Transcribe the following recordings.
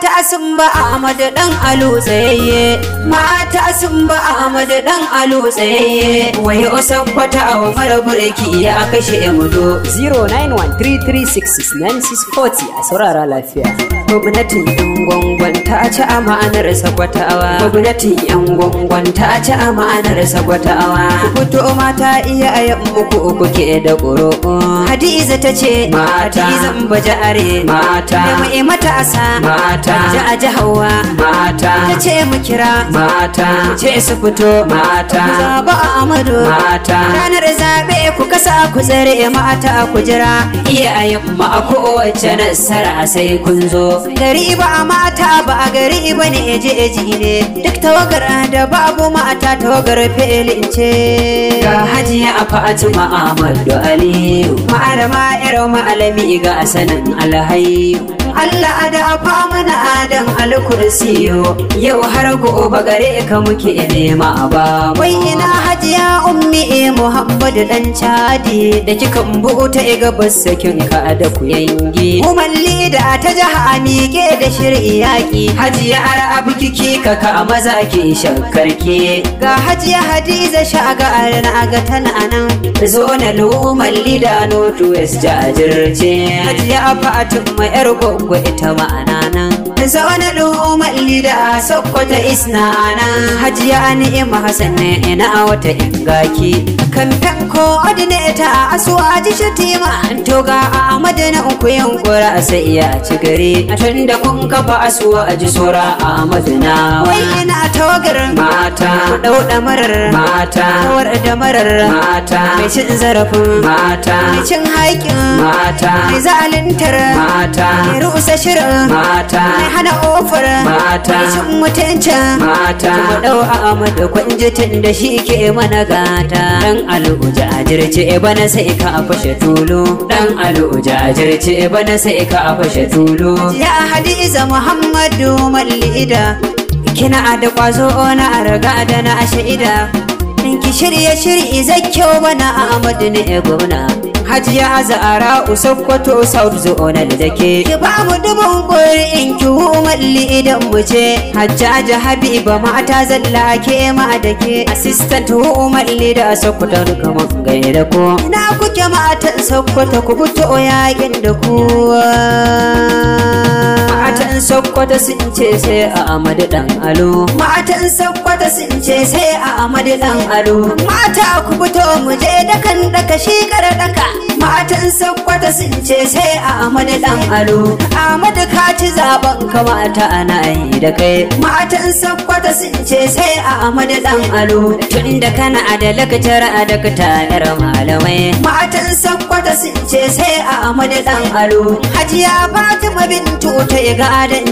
mata sun ba Ahmad dan alu tsayayye mata sun ba Ahmad dan alu tsayayye wai usan kwata a mara burki ya kashe mudo 0913366940 a saurara lafiya gwamnatin yan ta ci amanar sakwatawa gwamnatin yan gwangwan ta ci amanar sakwatawa fito mata iya ayan muku kuke da goro hadiza ta ce mata zan baje are mata da mai asa. mata ji a ji hawa mata ta ce mu kira mata ce su fito mata zaba amadu mata ranar zabe ku kasa ku tsare mata ku jira iyayen ma ku wace nasara sai kun zo gari ba a mata ba a gari ba ne eje eji ne duk tawagar da babu mata tawagar felin ce ga hajiya a fa'atu ma'amadu aliyu ma'arama irin ma'alami ga sanin alhayu Allah da afa mana adam alkursiyo yau har gobe gare ka muke nema ba wai ina hajiya ummi e muhammadu dan chadi da kikan buta e gabas sakin ka da ku yangi umalli da ta jaha miƙe da shir'i yaƙi hajiya arabu kiki ka ka maza ke shakkarki ga hajiya hadiza shaga na ga tana nan zo na lumalli da no to jajirce hajiya fatima yar gongo ita ma'ana nan zo na al'ummar lida sokota isna ana. hajiya ni'ima hasan ne ina wata ingaki kan ko ta asu aji shatima to ga Ahmad na uku yankura sai ya ci gare tunda kun kafa asu aji sura Ahmad na wai ina tawagar mata dau marar mata war da marar mata mai cin zarafin mata mai cin haƙin mata mai zalintar mata mai rusa shirin mata mai hana kofar mata cin mutunta mata mu dau Ahmad kwanjitin da shi ke mana gata dan aluja ajirce eh, bana sai ka fashe tulu dan aluja ajirce eh, bana sai ka fashe tulu ya hadiza muhammadu mallida kina da kwazo na arga da na shaida ki shirye shirye zakkyo bana Ahmad ne eh, gwamna hajiya azara usakwato south zonal da ke ki ba mu dubin in ki malli idan mu ce hajjaja habiba mata zalla ke ma da ke hu malli da sokoto duka mun gaye da ku na kuke matan sokoto ku fito yakin da ku matan sun ce sai a amadu dan alo matan sakkwata sun ce sai a amadu dan alo mata ku fito mu je dakan daka shi kara daka matan sakkwata sun ce sai a amadu dan alo amadu ka ci zaben ka mata ana yi da kai matan sakkwata sun ce sai a amadu dan alo tun da kana da lakacar a dakta yar malamai matan sakkwata sun ce sai a Ahmad dan aro Hajiya Fatima bintu ta yi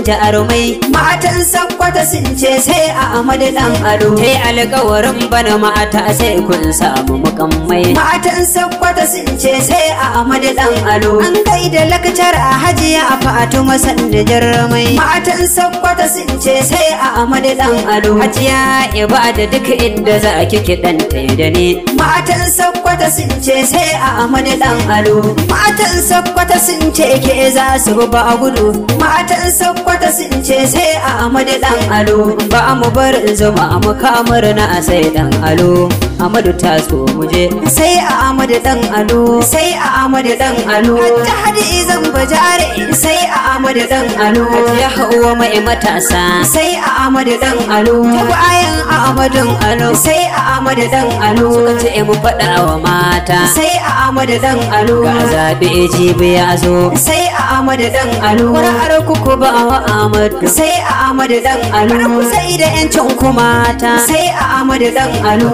jarumai matan sakwata sun ce sai Ahmad dan aro yi alƙawarin bana mata sai kun samu mukammai matan sakwata sun ce sai Ahmad dan aro an kai da lakcar a Hajiya Fatima sanda jarumai matan sakwata sun ce sai Ahmad dan aro Hajiya ibada duk inda za ki kidan ta da ni. matan sakwata sun ce sai Ahmad dan aro matan sakkwata sun ce ke za su ba a gudu matan sakkwata sun ce sai a amadi dan alo ba mu bar zuma mu kamar na sai dan alo Amadu taso muje sai a Amadu dan Alu. sai a Amadu dan Alu. ta hadi izan bajare sai a Amadu dan Alu. ya hawa mai matasa sai a Amadu dan alo tabu ayan a Amadu Alu. sai a Amadu dan Alu. suka ce mu fada wa mata sai a Amadu dan alo ga zabe jibi ya zo sai a Amadu dan alo ƙura'ar kuku ba wa Amadu sai a Amadu dan Alu. ku sai da yancin ku mata sai a Amadu dan Alu.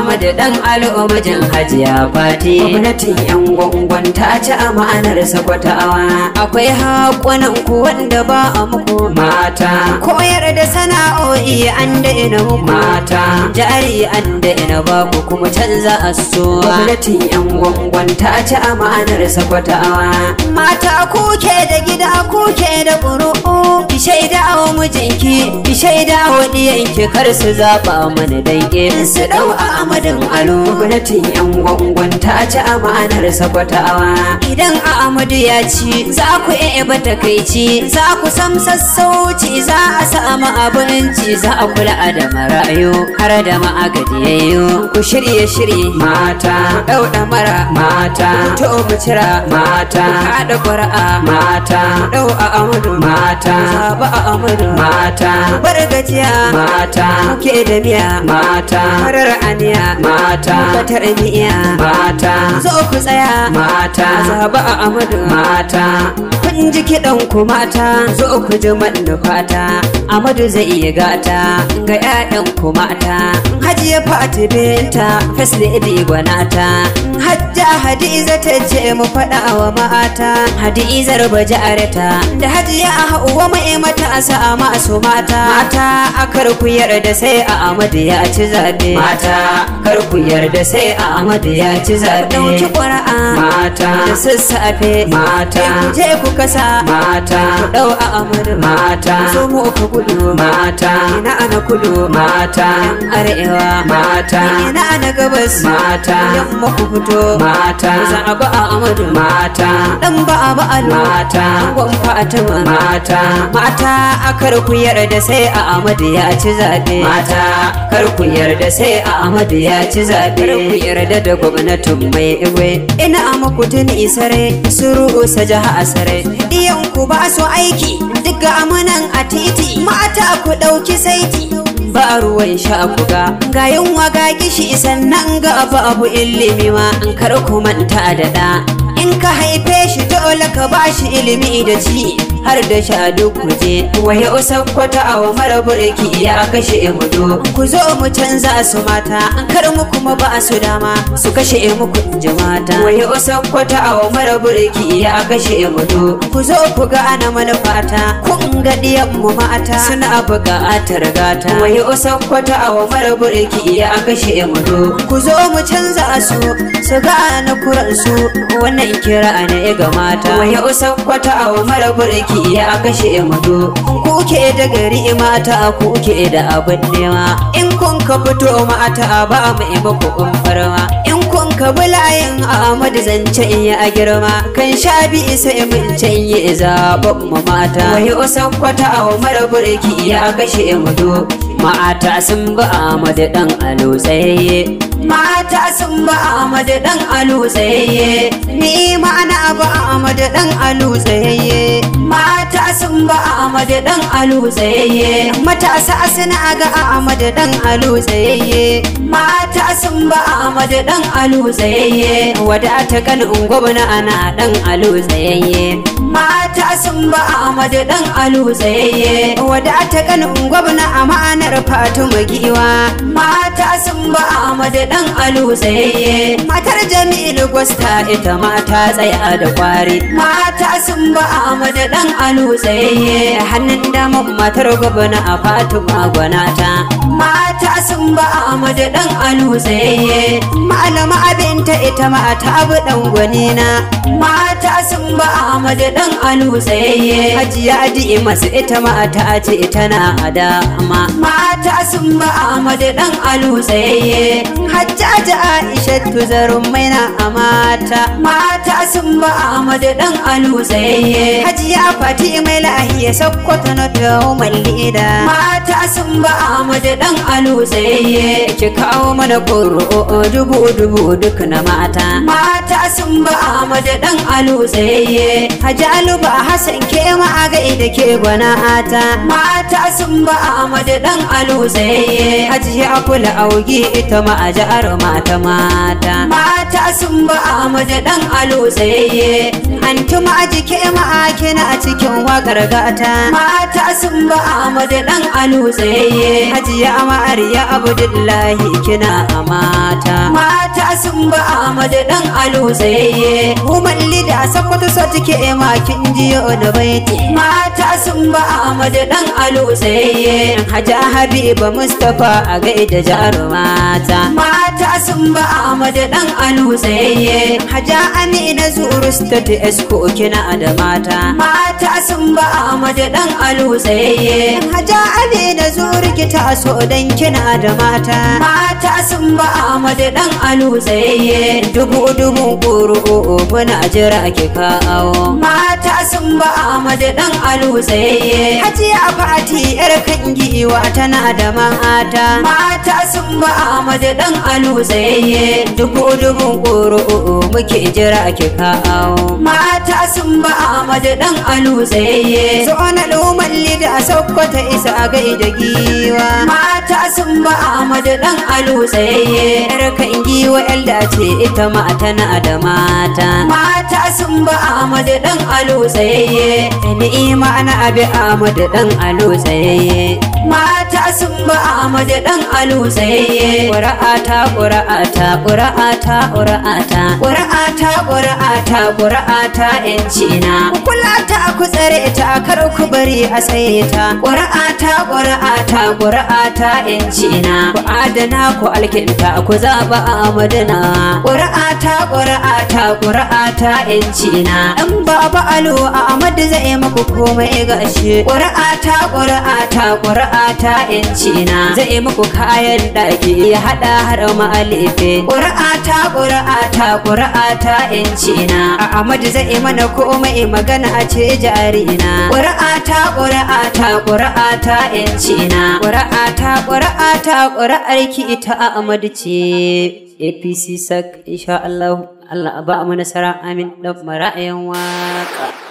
Ahmad dan al'umajin hajiya fati. Gwamnatin yan gwangwan ta ci amanar sakwatawa. Akwai haƙonan ku wanda ba a muku mata. Koyar da sana'o'i an da ina muku mata. Jari an da ina ba ku kuma canza a asuwa. Gwamnatin yan gwangwan ta ci amanar sakwatawa. Mata kuke da gida kuke da ƙuru'u. shaidawo mijinki ki shaida wa diyanki kar su zaba mana danke su dau Amadu Alo gwamnatin yan gwangwan ta ci amanar sakwatawa idan a Amadu ya ci za ku iya ba takaici za ku sam sassauci za a samu abinci za a kula da marayu har da ma'agadiyayyo ku shirye shirye mata dau mara mata to mu cira mata haɗa ƙura'a mata dau a amadu mata ba a amuru mata bar gajiya mata ke da miya mata harar mata ku tarbiya mata zo ku tsaya mata zaba a amadu mata kun ji kiɗan ku mata zo ku ji fata amadu zai iya gata ga 'ya'yan ku mata hajiya fati binta first lady gwanata hajja hadiza ta ce mu faɗa wa mata hadizar bajarta da hajiya a hauwa mai mata sa masu mata mata akar ku yarda sai a amadu ya ci zabe mata kar ku yarda sai Ahmad ya ci zaɓe. Ɗauki ƙwara'a mata da sassafe mata je ku kasa mata ku ɗau Ahmad mata so mu ku gudu mata ina ana kudu mata arewa mata ina ana gabas mata yamma ku fito mata zaɓa Ahmad mata dan ba a ba mata a fatima mata mata a kar ku yarda sai Ahmad ya ci zaɓe. Mata kar ku yarda sai Ahmad Muhammadu ya ci zaɓe. Ku yarda da gwamnatin mai iwe. Ina a makudin isare, suru jiha jaha asare. Diyan ku ba su aiki, duk amunan a titi. Mata ku ɗauki saiti. ba a ruwan sha a kuga ga yunwa ga kishi sannan ga abu abu ilimi ma an kar ku manta da da in ka haife shi dole ka ba shi ilimi da ci har da sha duk kuje waye kwata a umar burki ya kashe hudu ku zo mu canza su mata an kar mu kuma ba su dama su kashe muku jama'ata waye kwata a umar burki ya kashe hudu ku zo ku ga ana manufata kun ga diyan mu mata suna buƙatar gata waye kwata a umar burki ya kashe hudu ku zo mu canza su su ga ana kuransu wannan in kira a ga mata waya usan kwata a umar burki ya kashe kashe mutu kuke da gari mata kuke da abin nema in kun ka fito mata ba mu ima ku farma in kun ka bulayin amadu zance in ya girma kan sha bi isa min can yi zaɓen mu mata waya usan kwata a umar burki ya kashe mutu ma'ata sun ba Amadu dan alo tsaye mata sun ba Ahmad dan alu tsayayye ni ma na ba Ahmad dan alu tsayayye mata sun ba Ahmad dan alu tsayayye matasa suna ga Ahmad dan alu tsayayye mata sun ba Ahmad dan alu tsayayye ta kan ana dan alu tsayayye mata sun ba Ahmad dan alu tsayayye ta kan ungwabna amanar Fatima giwa mata sun ba Ahmad dan dan alu tsayayye matar jamilu gwasta ita mata ta tsaya da kwari mata sun ba amada dan alu tsayayye hannun dama matar gwabna a fatima gwanata mata sun ba amada dan alu tsayayye malama abinta ita ma abu dan gwanina mata sun ba amada dan alu tsayayye hajiya di masu ita ma ta ce ita na dama mata sun ba amada dan alu tsayayye mata Aisha tuzarin maina a mata. Mata. sun ba dan alu zaiye. Hajiya Fati mai lahiya Sokoto na dawo mallida Mata sun ba Ahmad dan alu tsayayye Ki kawo mana ƙuri'o dubu dubu duk na mata Mata sun ba Ahmad dan alu zaiye. Haji Alu ba Hassan ke ma a ida ke ata Mata sun ba Ahmad dan alu zaiye. Hajiya Kula auge ita ma a ja'ar mata mata Mata sun ba Ahmad dan alu tsaye an tuma a jike ma a cikin wakar gata mata sun ba Ahmadu dan alu tsayayye hajiya ma'ariya abdullahi kina a mata mata sun ba Ahmadu dan alu tsayayye umar lida sakwata so take ma kin jiyo da baiti mata sun ba Ahmadu dan alu tsayayye haja habiba Mustapha a gaida jarumata mata sun ba Ahmadu dan alu tsayayye haja amina zurus ta esko kina da mata mata sun ba Ahmadu dan alu tsayayye haja ame da zurki ta so dan kina da mata mata sun ba Ahmadu dan alu tsayayye dubu dubu guru a jira ki kawo mata kasim ba Ahmad dan alu tsayayye Hajiya Fati yar kan giwa tana da mata mata sun ba Ahmad dan alu tsayayye dubu dubun koro muke jira ki kawo mata sun ba Ahmad dan alu tsayayye so na luman lida sokota isa a gaida giwa mata sun ba Ahmad dan alu tsayayye yar kan giwa yalda ce ita ma tana da mata mata sun ba Ahmad dan tsayayye ni'ima ana abi Ahmad dan alu tsayayye mata sun ba amadu dan alu tsayayye qura'ata qura'ata qura'ata qura'ata qura'ata qura'ata qura'ata incina kulata ku tsare ta kar ku bari a tsaye ta qura'ata qura'ata qura'ata incina ku adana ku alkinta ku zaba amadana qura'ata qura'ata qura'ata incina in baba alu a amadu zai maku komai gashi ƙuri'a ta ƙuri'a ta ƙuri'a ta inci na zai maku kayan ɗaki ya haɗa har ma'alife ƙuri'a ta ƙuri'a ta ƙuri'a ta inci na a amadu zai mana komai magana a ce jari na ƙuri'a ta ƙuri'a ta ƙuri'a ta inci na ƙuri'a ta ƙuri'a ta ƙuri'ar ki ita a amadu ce apc sak insha Allah Allah ba mu nasara amin dan mara'ayan waka